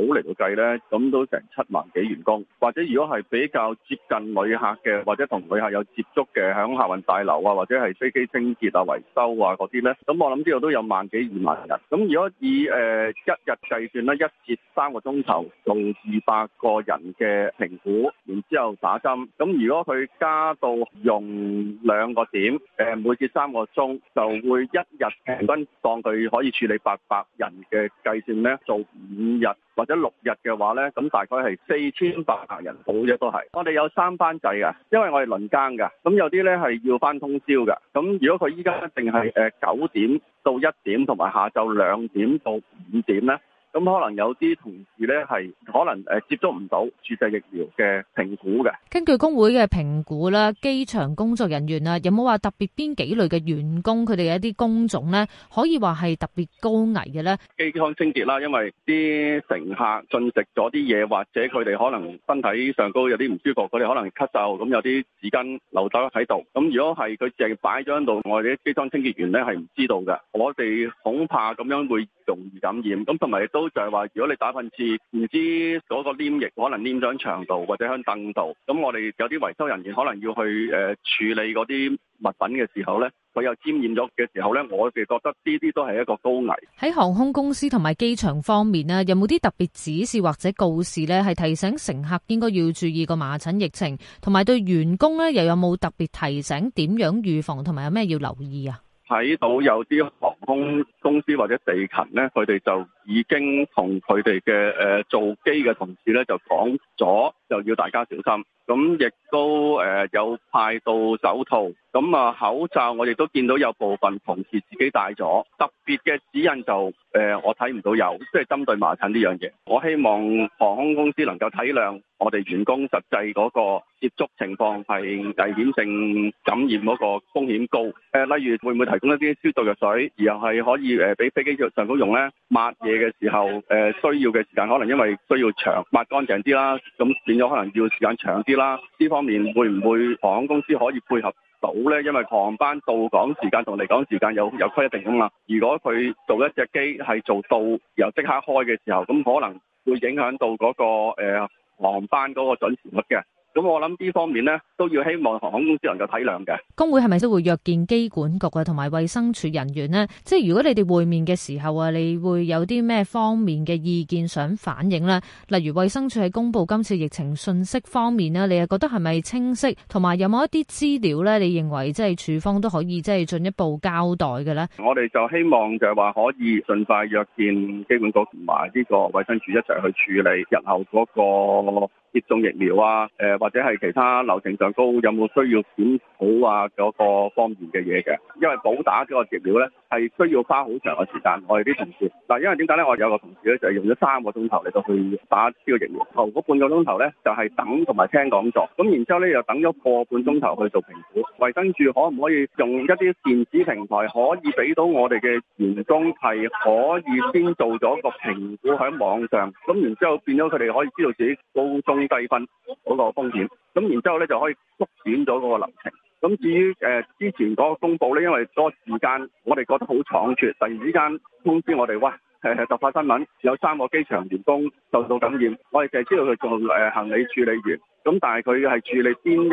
好嚟到計呢，咁都成七萬幾員工，或者如果係比較接近旅客嘅，或者同旅客有接觸嘅，響客運大樓啊，或者係飛機清潔啊、維修啊嗰啲呢，咁我諗呢度都有萬幾二萬人。咁如果以誒、呃、一日計算呢，一節三個鐘頭用二百個人嘅評估，然之後打針，咁如果佢加到用兩個點，誒每節三個鐘就會一日平均當佢可以處理八百人嘅計算呢，做五日，或者六日嘅話呢，咁大概係四千八百人到啫，都係。我哋有三班制㗎，因為我哋輪更㗎。咁有啲呢係要翻通宵㗎。咁如果佢依家一定係誒九點到一點，同埋下晝兩點到五點呢，咁可能有啲同事咧，係可能誒接觸唔到注射疫苗嘅評估嘅。根據工會嘅評估啦，機場工作人員啊，有冇話特別邊幾類嘅員工，佢哋嘅一啲工種咧，可以話係特別高危嘅咧？機艙清潔啦，因為啲乘客進食咗啲嘢，或者佢哋可能身體上高有啲唔舒服，佢哋可能咳嗽，咁有啲紙巾留低喺度。咁如果係佢淨擺咗喺度，我哋啲機艙清潔員咧係唔知道嘅。我哋恐怕咁樣會。容易感染，咁同埋亦都就係話，如果你打噴嚏，唔知嗰個黏液可能黏咗喺牆度或者喺凳度，咁我哋有啲維修人員可能要去誒處理嗰啲物品嘅時候咧，佢又沾染咗嘅時候咧，我哋覺得呢啲都係一個高危。喺航空公司同埋機場方面啊，有冇啲特別指示或者告示咧，係提醒乘客應該要注意個麻疹疫情，同埋對員工咧又有冇特別提醒點樣預防，同埋有咩要留意啊？睇到有啲。公公司或者地勤咧，佢哋就已經同佢哋嘅誒造機嘅同事咧，就講咗。就要大家小心，咁亦都誒有派到手套，咁啊口罩我亦都見到有部分同事自己戴咗，特別嘅指引就誒、呃、我睇唔到有，即、就、係、是、針對麻疹呢樣嘢。我希望航空公司能夠體諒我哋員工實際嗰個接觸情況，係危險性感染嗰個風險高。誒、呃，例如會唔會提供一啲消毒藥水，而係可以誒俾飛機上高用咧？抹嘢嘅時候誒、呃、需要嘅時間可能因為需要長抹乾淨啲啦，咁變。有可能要時間長啲啦，呢方面會唔會航空公司可以配合到呢？因為航班到港時間同離港時間有有規定噶嘛。如果佢做一隻機係做到又即刻開嘅時候，咁可能會影響到嗰、嗰個、呃、航班嗰個準時率嘅。咁我諗呢方面呢，都要希望航空公司能夠體諒嘅。工會係咪都會約見機管局啊同埋衛生署人員呢？即係如果你哋會面嘅時候啊，你會有啲咩方面嘅意見想反映呢？例如衛生署喺公布今次疫情信息方面呢，你又覺得係咪清晰？同埋有冇一啲資料呢，你認為即係處方都可以即係進一步交代嘅呢？我哋就希望就係話可以盡快約見機管局同埋呢個衛生署一齊去處理日後嗰個接種疫苗啊，誒。或者係其他流程上高有冇需要檢討啊嗰、那個方面嘅嘢嘅，因為補打呢個疫苗呢，係需要花好長嘅時間。我哋啲同事嗱，因為點解呢？我有個同事呢，就係、是、用咗三個鐘頭嚟到去打呢個疫苗，頭嗰半個鐘頭呢，就係、是、等同埋聽講座，咁然之後呢，又等咗個半鐘頭去做評估。衞生署可唔可以用一啲電子平台，可以俾到我哋嘅員工係可以先做咗一個評估喺網上，咁然之後變咗佢哋可以知道自己高中低分嗰個咁然之後咧就可以縮短咗嗰個流程。咁至於誒之前嗰個公佈咧，因為嗰個時間我哋覺得好倉促，突然之間通知我哋，哇！誒誒，突發新聞，有三個機場員工受到感染。我哋淨係知道佢做行李處理員咁，但係佢係處理邊一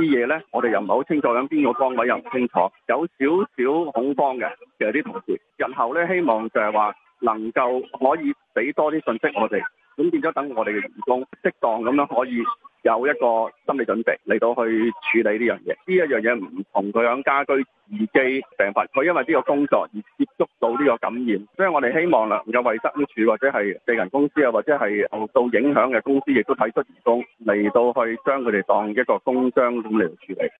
啲嘢咧？我哋又唔係好清楚，咁邊個崗位又唔清楚，有少少恐慌嘅。其實啲同事日後咧，希望就係話能夠可以俾多啲信息我哋。咁變咗等我哋嘅員工適當咁樣可以有一個心理準備嚟到去處理呢樣嘢，呢一樣嘢唔同佢響家居自己病發，佢因為呢個工作而接觸到呢個感染，所以我哋希望啦，有衛生署或者係地勤公司啊，或者係受影響嘅公司，亦都睇出員工嚟到去將佢哋當一個工傷咁嚟處理。